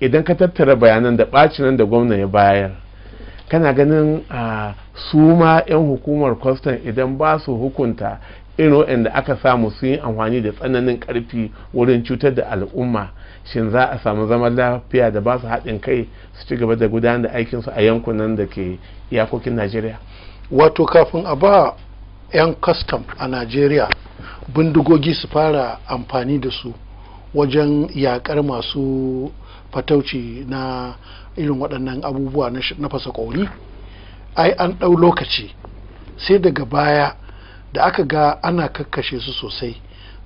idan ka tattara bayanan da bacinan da gwamna ya bayar kana ganin ah, su ma 'yan hukumar kwastam idan ba su hukunta irin waɗanda aka samu sun yi amfani da tsananin ƙarfi wurin cutar da al'umma shin za a samu zaman lafiya da ba su haɗin kai su ci gaba da gudanar da aikinsu a yankunan da ke iyakokin najeriya wato kafin a ba 'yan kastam a najeriya bindigogi su fara amfani da su wajen yaƙar masu fatauci na irin waɗannan abubuwa na fasa ƙauri ai an ɗau lokaci sai daga baya da aka ga ana kakkashe su sosai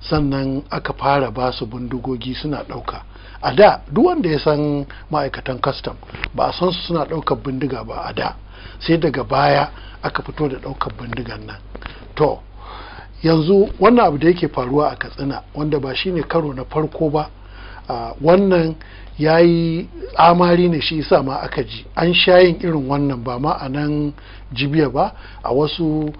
sannan aka fara ba su bindigogi suna ɗauka a da duk wanda ya san ma'aikatan kastam ba a san su suna ɗaukar bindiga ba a da sai daga baya aka fito da ɗaukar bindigan nan to yanzu wannan abu da yake faruwa a katsina wanda ba shi ne karo na farko ba wannan ya yi amari ne shi isa ma aka ji an sha yin irin wannan ba ma a nan jibiya ba a wasu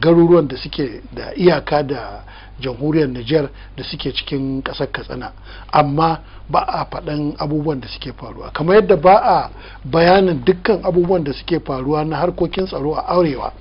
garuruwan da suke da iyaka da jamhuriyar niger da suke cikin ƙasar katsina amma ba a faɗan abubuwan da suke faruwa kamar yadda ba a bayanin dukkan abubuwan da suke faruwa na harkokin tsaro a arewa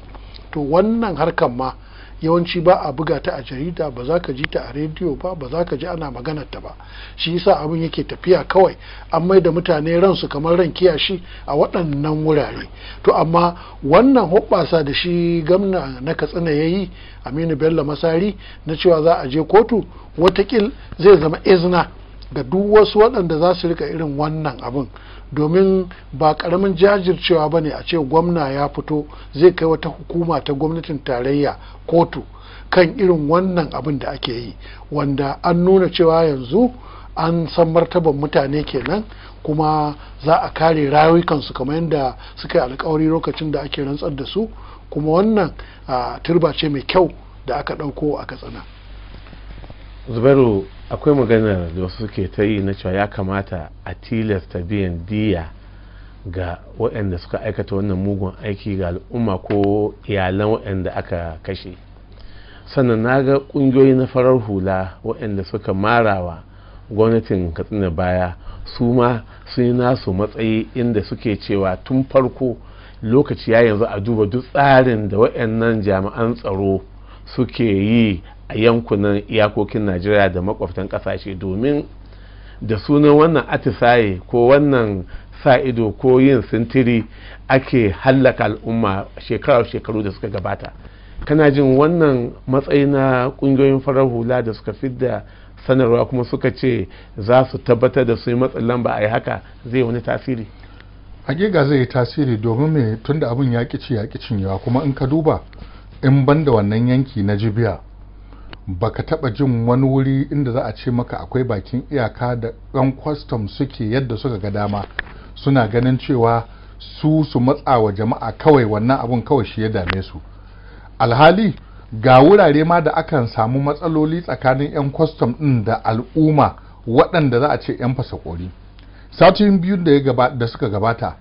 to wannan harkar ma yawanci ba a buga ta a jarida ba za ka ji ta a rediyo ba ba za ka ji ana maganar ta ba shi yasa abin yake tafiya kawai an mai da mutane ransu kamar ran kiyashi a waɗannan wurare to amma wannan hoɓɓasa da shi gamna na katsina ya yi aminu bello masari na cewa za a je kotu watakil zai zama izina ga duk wasu waɗanda za su rika irin wannan abin domin ba karamin jajircewa ba ne a ce gwamna ya fito zai kai wata hukuma ta gwamnatin tarayya kotu kan irin wannan abin da ake yi wanda an nuna cewa yanzu an san martaban mutane kenan kuma za a kare rayukansu kamar yadda suka yi alkawari lokacin da ake rantsar da su kuma wannan turba ce mai kyau da aka ɗauko a katsina zubairu akwai maganar da wasu suke ta yi na cewa ya kamata a tilasta biyan diya ga waɗanda suka aikata wannan mugun aiki ga al'umma ko iyalan waɗanda aka kashe sannan na ga ƙungiyoyi na farar hula waɗanda suka marawa gwamnatin katsina baya su ma sun yi nasu matsayi inda suke cewa tun farko lokaci ya yanzu a duba duk tsarin da waɗannan jami'an tsaro suke yi a yankunan iyakokin najeriya da makwabtan kasashe domin da sunan wannan atisaye ko wannan sa ido ko yin sintiri ake hallaka al'umma shekarar shekaru da suka gabata kana jin wannan matsayi na kungiyoyin farar hula da suka fidda sanarwa kuma suka ce za su tabbatar da su yi matsin lamba a yi haka zai wani tasiri hakika zai yi tasiri domin mai tunda abin ya ci ya cinyewa kuma in ka duba in banda wannan yanki na jibiya baka taɓa jin wani wuri inda za a ce maka akwai bakin iyaka da ɗan kwastam suke yadda suka ga dama suna ganin cewa su su matsa wa jama'a kawai wannan abun kawai shi ya dame su alhali ga wurare ma da akan samu matsaloli tsakanin 'yan kwastam ɗin da al'umma waɗanda za a ce 'yan fasakori satin biyu da suka gabata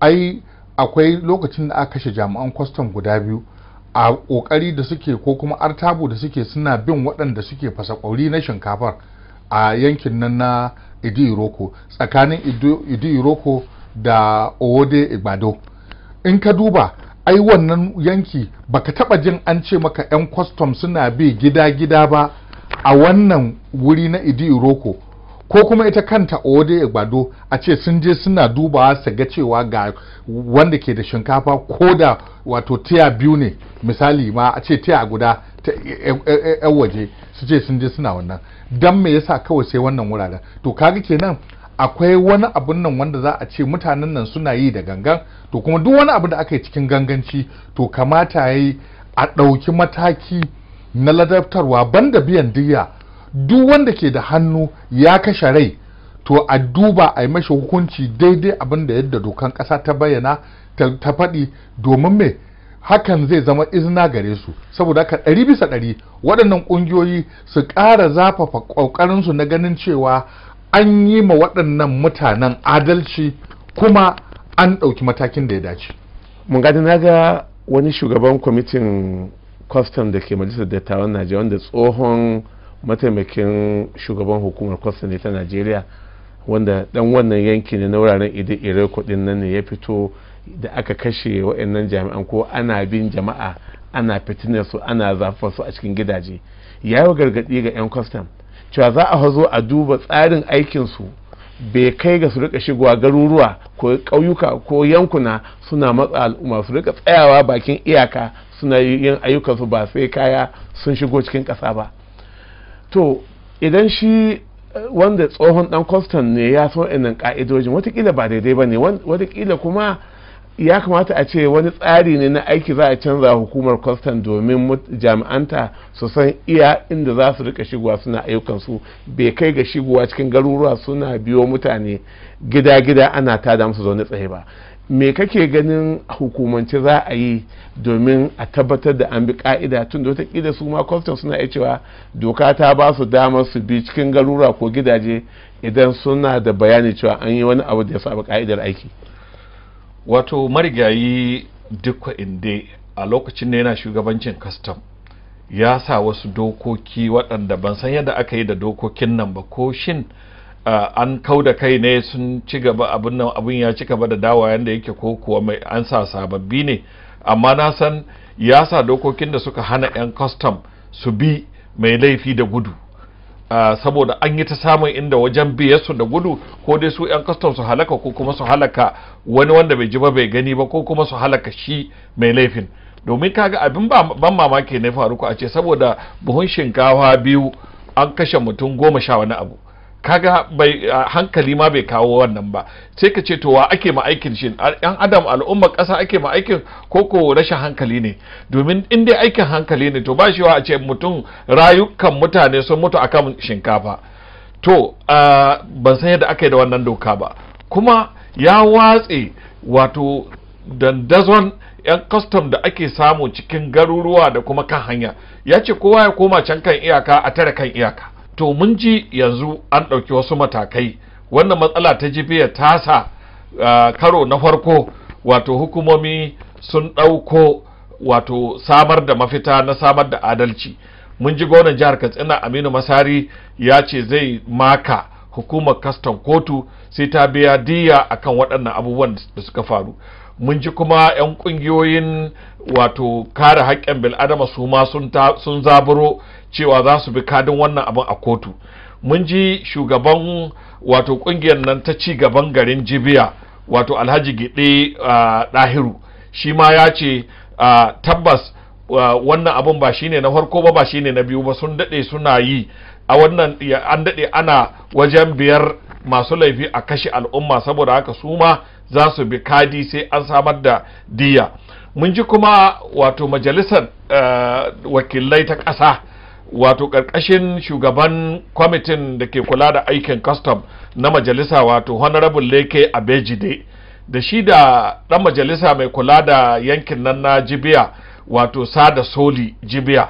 ai akwai lokacin da aka kashe jami'an kwastam guda biyu a kokari da suke ko kuma artabu da suke suna bin waɗanda suke fasa ƙauri na shinkafar a yankin nan na idu iroko tsakanin idu iroko da owode igbado in ka duba ai wannan yanki ba ka taɓa jin an ce maka 'yan kwastam suna bi gida-gida ba a wannan wuri na idu iroko ko kuma ita kanta ode gbado a ce sun je suna dubawa su ga cewa ga wanda ke da shinkafa ko da wato tiya biyu ne misali ma a ce tiya guda ta yan e, e, e, waje su ce sun je suna wannan dan me yasa kawai sai wannan wuraren to kaga kenan akwai wani abun nan wanda za a ce mutanen nan suna yi da gangan to kuma duk wani abu da aka yi cikin ganganci to kamata yayi a ɗauki mataki na ladabtarwa banda biyan diya duk wanda ke da hannu ya kashe rai to a duba a yi mashi hukunci daidai abin da yadda dokan ƙasa ta bayyana ta faɗi domin me hakan zai zama izina gare su saboda haka ɗari bisa ɗari waɗannan ƙungiyoyi su ƙara zafafa ƙoƙarinsu na ganin cewa an yi ma waɗannan mutanen adalci kuma an ɗauki matakin da ya dace. mun gadi na ga wani shugaban kwamitin kwastam da ke majalisar dattawan najeriya wanda tsohon mataimakin shugaban hukumar kwastam ne ta najeriya wanda dan wannan yanki ne na wuraren ide ire kudin nan ne ya fito da aka kashe wa'annan jami'an ko ana bin jama'a ana fitinar su ana zafa su a cikin gidaje ya yi gargaɗi ga 'yan kwastam cewa za a hazo a duba tsarin aikinsu bai kai ga su rika shigowa garuruwa ko ƙauyuka ko yankuna suna matsa al'umma su rika tsayawa bakin iyaka suna yin ayyukansu ba sai kaya sun shigo cikin ƙasa ba to idan shi eh, wanda tsohon dan kwastan ne ya so inan ka'idojin watakila ba daidai ba ne watakila kuma ya kamata a ce wani tsari ne na aiki za a canza hukumar kwastan domin jami'anta su san iya inda za su rika shigowa suna ayyukansu bai kai ga shigowa cikin garuruwa suna biyo mutane gida-gida ana tada musu zaune tsaye ba me kake ganin hukumance za a yi domin a tabbatar da an bi ka'ida tun da watakila su ma kwastan suna iya cewa doka ta ba su damar su bi cikin garura ko gidaje idan suna da bayani cewa an yi wani abu da ya saba ka'idar aiki wato marigayi dukwa inde a lokacin da yana shugabancin kastam ya sa wasu dokoki waɗanda ban san yadda aka yi da dokokin nan ba ko shin an kau da kai ne sun ci gaba abin nan abin ya ci gaba da dawa yanda yake ko kuwa mai an sa sababbi ne amma na san ya sa dokokin da suka hana 'yan kwastam su bi mai laifi da gudu saboda an yi ta samun inda wajen su da gudu ko dai su 'yan kwastam su halaka ko kuma su halaka wani wanda bai ji ba bai gani ba ko kuma su halaka shi mai laifin domin kaga abin ban mamaki ne faruku a ce saboda buhun shinkawa biyu an kashe mutum goma sha wani abu kaga bai hankali ma bai kawo wannan ba sai ka ce to wa ake ma aikin shin yan adam al'umma kasa ake ma aikin ko ko rashin hankali ne domin in dai aikin hankali ne to ba shi wa a ce mutum rayukan mutane sun mutu akan shinkafa to ban san yadda aka yi da wannan doka ba kuma ya watse wato dandazon 'yan kwastam da ake samu cikin garuruwa da kuma kan hanya ya ce kowa ya koma can kan iyaka a tare kan iyaka to mun ji yanzu an ɗauki wasu matakai wannan matsala ta jibiya tasa karo na farko wato hukumomi sun ɗauko wato samar da mafita na samar da adalci mun ji gwamnan jihar katsina aminu masari ya ce zai maka hukumar kaston kotu sai ta biya diya akan waɗannan abubuwan da suka faru mun ji kuma 'yan ƙungiyoyin wato kare haƙƙin bil'adama su ma sun zaburo cewa za su bi kadin wannan abin a kotu mun ji shugaban wato kungiyar nan ta ci gaban garin jibiya wato alhaji gide dahiru shi ma ya ce tabbas wannan abin ba shine na farko ba ba shine na biyu ba sun dade suna yi a wannan an dade ana wajen biyar masu laifi a kashe al'umma saboda haka su ma za su bi kadi sai an samar da diya mun ji kuma wato majalisar wakilai ta ƙasa wato karkashin shugaban kwamitin da ke kula da aikin custom na majalisa wato honorable leke abejide da shi da ɗan majalisa mai kula da yankin nan na jibiya wato sada soli jibiya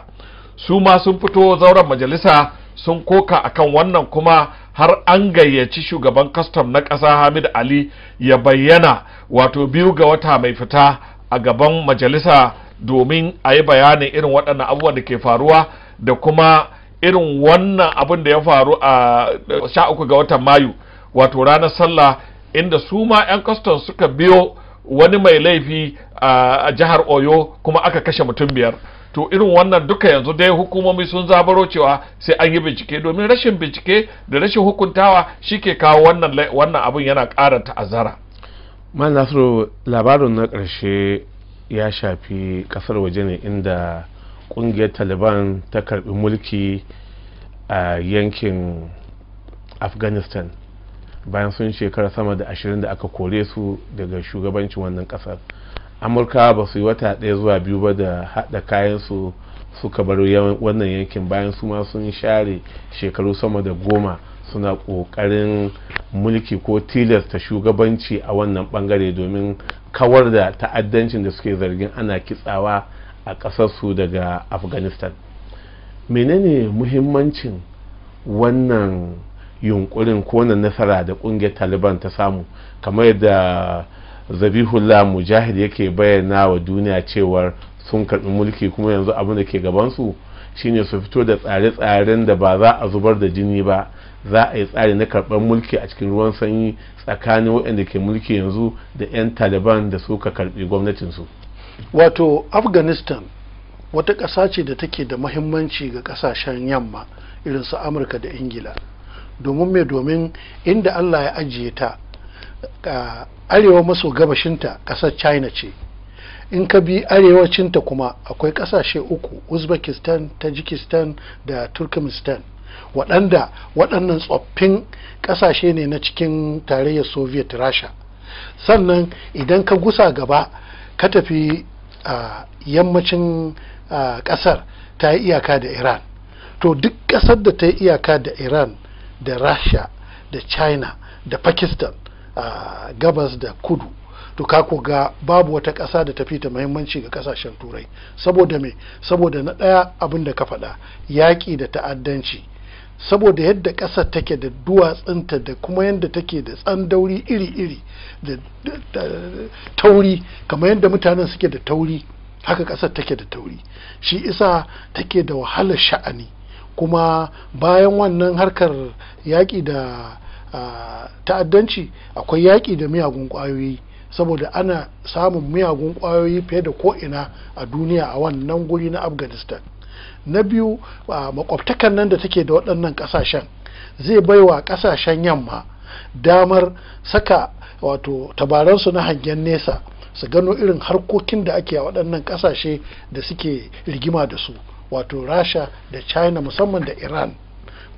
su ma sun fito zauren majalisa sun koka akan wannan kuma har an gayyaci shugaban kastam na ƙasa hamid ali ya bayyana wato biyu ga wata mai fita a gaban majalisa domin a yi bayanin irin waɗannan abubuwan da ke faruwa da kuma irin wannan abin da ya faru a sha uku ga watan mayu wato ranar sallah inda su ma 'yan kwastam suka biyo wani mai laifi a jihar oyo kuma aka kashe mutum biyar to irin wannan duka yanzu dai hukumomi sun zabaro cewa sai an yi bincike domin rashin bincike da rashin hukuntawa shi ke kawo wannan abin yana ƙara ta'azzara Malam nasiru labarin na ƙarshe ya shafi ƙasar waje ne inda kungiyar taliban ta karbi mulki a yankin afghanistan bayan sun shekara sama da ashirin da aka kore su daga shugabancin wannan kasar amurka ba su yi wata ɗaya zuwa biyu ba da haɗa kayansu suka bar wannan yankin bayan su ma sun share shekaru sama da goma suna ƙoƙarin mulki ko tilasta shugabanci a wannan ɓangare domin kawar da ta'addancin da suke zargin ana kitsawa a ƙasarsu daga afghanistan menene muhimmancin wannan yunkurin ko wannan nasara da ƙungiyar taliban ta samu kamar yadda zabihullah mujahid yake bayyana wa duniya cewar sun karɓi mulki kuma yanzu abin da ke gabansu shine su fito da tsare-tsaren da ba za a zubar da jini ba za a yi tsari na karɓar mulki a cikin ruwan sanyi tsakanin waɗanda ke mulki yanzu da 'yan taliban da suka karɓi gwamnatinsu wato afghanistan wata ƙasa ce da take da mahimmanci ga ƙasashen yamma irin su amurka da ingila domin mai domin inda allah ya ajiye ta a arewa maso gabashinta ƙasar china ce in ka bi arewacinta kuma akwai ƙasashe uku uzbekistan tajikistan da turkmenistan waɗanda waɗannan tsoffin ƙasashe ne na cikin tarayyar soviet rasha sannan idan ka gusa gaba ka tafi a yammacin ƙasar ta yi iyaka da iran to duk ƙasar da ta yi iyaka da iran da rasha da china da pakistan a gabas da kudu to kako ga babu wata ƙasa da tafi ta mahimmanci ga ƙasashen turai saboda me saboda na ɗaya abin da ka faɗa yaƙi da ta'addanci saboda yadda ƙasa take da duwatsunta da kuma yadda take da tsandauri iri-iri da tauri kamar yadda mutanen suke da tauri haka ƙasar take da tauri shi isa take da wahalar sha'ani kuma bayan wannan harkar yaƙi da ta'addanci akwai yaƙi da miyagun ƙwayoyi saboda ana samun miyagun ƙwayoyi fiye da ko'ina a duniya a wannan guri na afghanistan na biyu makwabtakan nan da take da waɗannan ƙasashen zai baiwa ƙasashen yamma damar saka wato tabaransu na hangen nesa su gano irin harkokin da ake a waɗannan ƙasashe da suke rigima da su wato rasha da china musamman da iran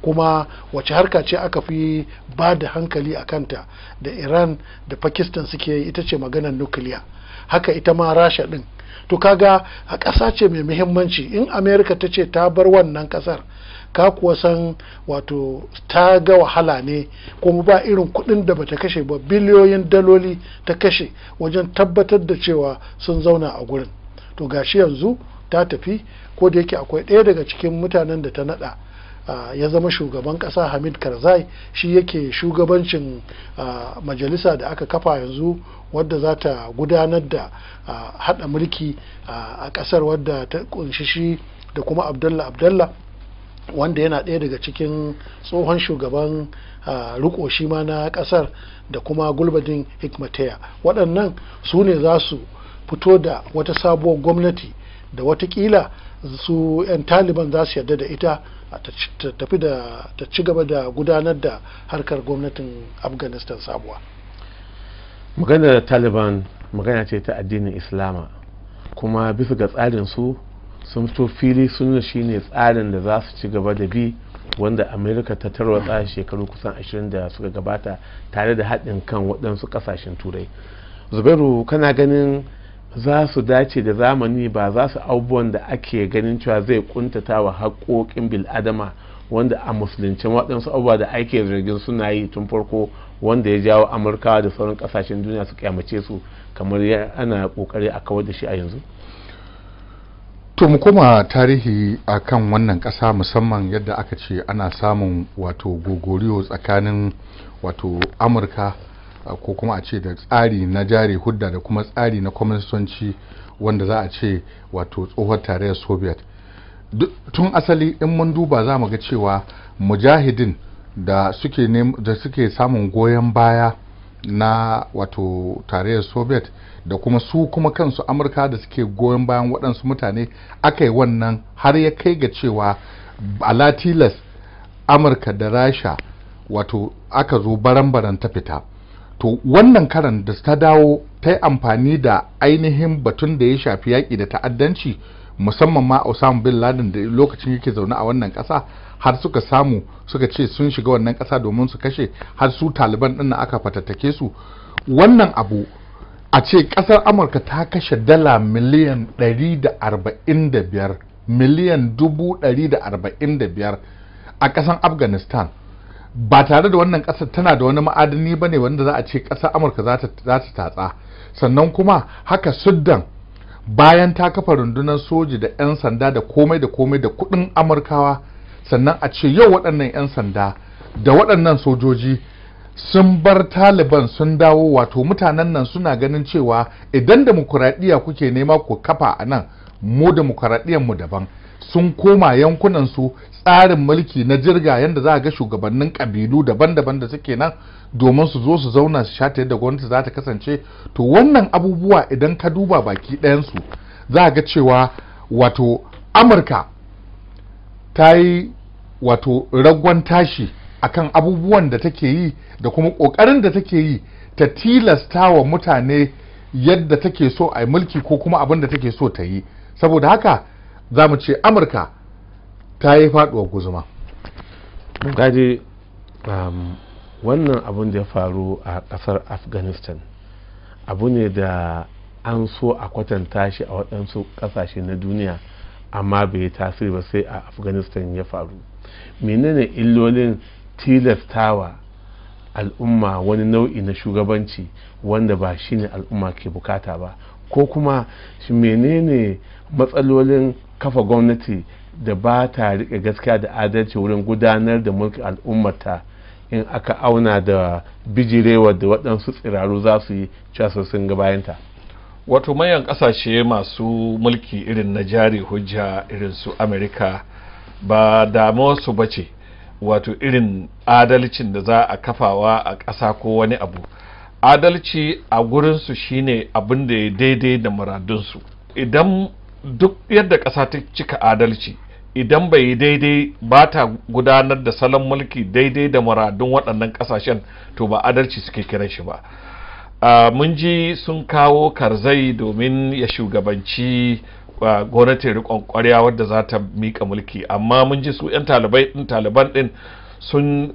kuma wace harka ce aka fi ba da hankali a kanta da iran da pakistan suke yi ita ce maganar nukiliya haka ita ma rasha din to kaga a ƙasa ce mai muhimmanci in amerika ta ce ta bar wannan ƙasar ka kuwa san wato ta ga wahala ne kuma ba irin kuɗin da bata kashe ba biliyoyin daloli ta kashe wajen tabbatar da cewa sun zauna a gurin to gashi yanzu ta tafi ko da yake akwai ɗaya daga cikin mutanen da ta naɗa ya zama shugaban kasa hamid karzai shi yake shugabancin majalisa da aka kafa yanzu wadda za ta gudanar da hada mulki a kasar wadda ta kunshi shi da kuma abdullah abdullah wanda yana ɗaya daga cikin tsohon shugaban riko shi ma na kasar da kuma gulbadin hikmataya waɗannan su ne za su fito da wata sabuwar gwamnati da watakila su 'yan taliban za su yarda da ita ta tafi da ta ci gaba da gudanar da harkar gwamnatin afghanistan sabuwa maganar taliban magana ce ta addinin islama kuma bisa ga tsarin su sun fito fili sun shine tsarin da za su ci gaba da bi wanda amerika ta tarwatsa shekaru kusan 20 da suka gabata tare da haɗin kan waɗansu ƙasashen turai zubairu kana ganin za su dace da zamani ba za su abubuwan da ake ganin cewa zai kuntata wa haƙoƙin bil'adama wanda a musulunci waɗansu abubuwa da ake zargin suna yi tun farko wanda ya jawo amurka da sauran ƙasashen duniya su kyamace su kamar ana ƙoƙari a kawar da shi a yanzu to mu koma tarihi a kan wannan ƙasa musamman yadda aka ce ana samun wato gogoriyo tsakanin wato amurka ko kuma a ce da tsari na jari hudda da kuma tsari na kwamnisanci wanda za a ce wato tsohon tarayyar soviet tun asali in mun duba za mu ga cewa mujahidin da suke da suke samun goyon baya na wato tarayyar soviet da kuma su kuma kansu amurka da suke goyon bayan waɗansu mutane aka yi wannan har ya kai ga cewa alatilas amurka da rasha wato aka zo baran-baran ta fita to wannan karan da ta dawo ta yi amfani da ainihin batun da ya shafi yaƙi da ta'addanci musamman ma Osama bin Laden da lokacin yake zaune a wannan ƙasa har suka samu suka ce sun shiga wannan ƙasa domin su kashe har su taliban ɗin aka fatattake su wannan abu a ce ƙasar amurka ta kashe dala miliyan 145 miliyan 145 a ƙasar afghanistan ba tare da wannan ƙasar tana da wani ma'adani ba ne wanda za a ce ƙasar amurka za ta tatsa sannan kuma haka suddan bayan ta kafa rundunar soji da 'yan sanda da komai da komai da kuɗin amurkawa sannan a ce yau waɗannan 'yan sanda da waɗannan sojoji sun bar taliban sun dawo wato mutanen nan suna ganin cewa idan demokuraɗiyya kuke nema ku kafa a nan mu demokuraɗiyyar mu daban sun koma yankunan su tsarin mulki na jirga yadda za a ga shugabannin kabilu daban-daban da suke nan domin su zo su zauna su shata yadda gwamnati za ta kasance to wannan abubuwa idan ka duba baki ɗayansu za a ga cewa wato amurka ta yi wato ragon tashi akan abubuwan da take yi da kuma ƙoƙarin da take yi ta tilasta wa mutane yadda take so a yi mulki ko kuma abin da take so ta yi saboda haka za mu ce amurka ta yi faduwar guzuma gaji um, wannan abun da ya faru a kasar afghanistan abu ne da an so a kwatanta shi a waɗansu ƙasashe na duniya amma bai yi tasiri ba sai a afghanistan ya faru menene illolin tilastawa al'umma wani nau'i na shugabanci wanda ba shine al'umma ke bukata ba ko kuma menene matsalolin kafa gwamnati da ba ta riƙe gaskiya da adalci wurin gudanar da mulkin al'ummata in aka auna da bijirewa da waɗansu tsiraru za su yi cewa sun ga bayanta wato mayan ƙasashe masu mulki irin na jari hujja irin su amerika ba damuwarsu ba ce wato irin adalcin da za a kafawa a ƙasa ko wani abu adalci a gurinsu shine abin da ya daidai da muradunsu idan duk yadda ƙasa ta cika adalci idan bai yi daidai ba ta gudanar da salon mulki daidai da muradun waɗannan ƙasashen to ba adalci suke kiran shi ba mun ji sun kawo karzai domin ya shugabanci gwamnatin riƙon ƙwarya wadda za ta miƙa mulki amma mun ji su 'yan talibai ɗin taliban ɗin sun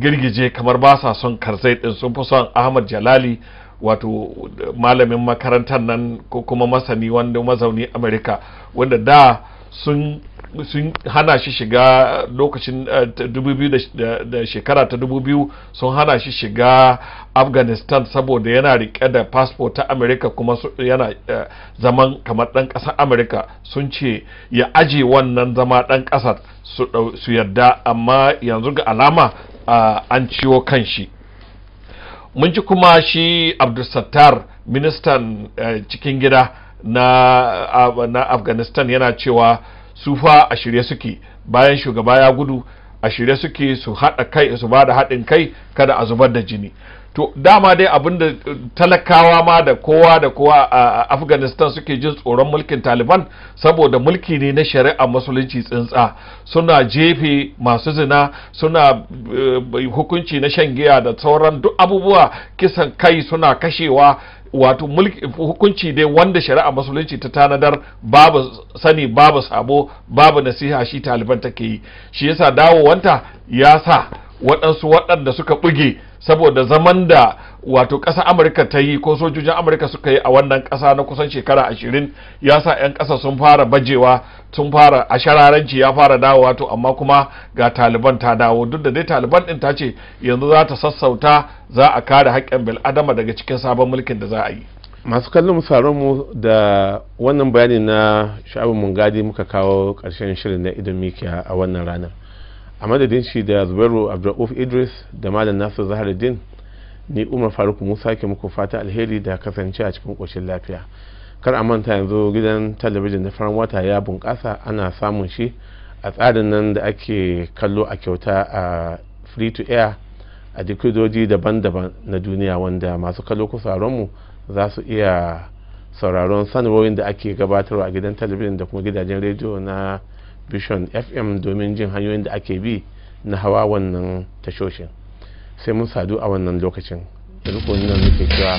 girgije kamar ba sa son karzai ɗin sun fi son ahmad jalali wato malamin makarantar nan ko kuma masani wanda mazauni amerika wanda da sun sun hana shi shiga lokacin eh, da shekara ta 2000 sun hana shi shiga afghanistan saboda yana rike da fasfo ta amerika kuma yana eh, zaman kamar dan kasar amerika sun ce ya aje wannan zama dan kasar su yarda amma yanzu ga alama ah, an ciwo kan shi mun ji kuma shi abdulsattar ministan eh, cikin gida na afghanistan yana cewa sufa a shirye suke bayan shugaba ya gudu a shirye suke su haɗa su ba da haɗin kai kada a zubar da jini to dama dai abin da uh, talakawa ma da kowa da kowa a afghanistan suke jin tsoron mulkin taliban saboda mulki ne na shari'a musulunci tsintsa suna jefe masu zina suna uh, hukunci na shan giya da sauran duk abubuwa kisan kai suna kashewa wato hukunci dai wanda shari'a musulunci ta tanadar babu sani babu sabo babu nasiha shi taliban take yi shi yasa dawowanta ya sa waɗansu waɗanda suka buge saboda zaman da wato ƙasa amurka ta yi ko sojojin amurka suka yi a wannan ƙasa na kusan shekara ashirin ya sa 'yan ƙasa sun fara bajewa sun fara a shararanci ya fara dawowa to amma kuma ga taliban ta dawo duk da dai taliban ɗin ta ce yanzu za ta sassauta za a kare haƙƙin bil'adama daga cikin sabon mulkin da za a yi masu kallon saron mu da wannan bayani na sha'abin mungadi muka kawo ƙarshen shirin na idon mikiya a wannan ranar a madadin shi da zubairu abdulrauf idris da malam nasir zaharuddin ni umar faruk musa ke muku fata alheri da kasance a cikin ƙoshin lafiya kar a manta yanzu gidan talabijin na farin wata ya bunƙasa ana samun shi a tsarin nan da ake kallo a kyauta a free to air a dikidoji daban-daban na duniya wanda masu kallo kusaronmu za su iya sauraron sanarwoyin da ake gabatarwa a gidan talabijin da kuma gidajen rediyo na vision fm domin jin hanyoyin da ake bi na hawa wannan tashoshin sai mun sadu a wannan lokacin da rukunin nan nake cewa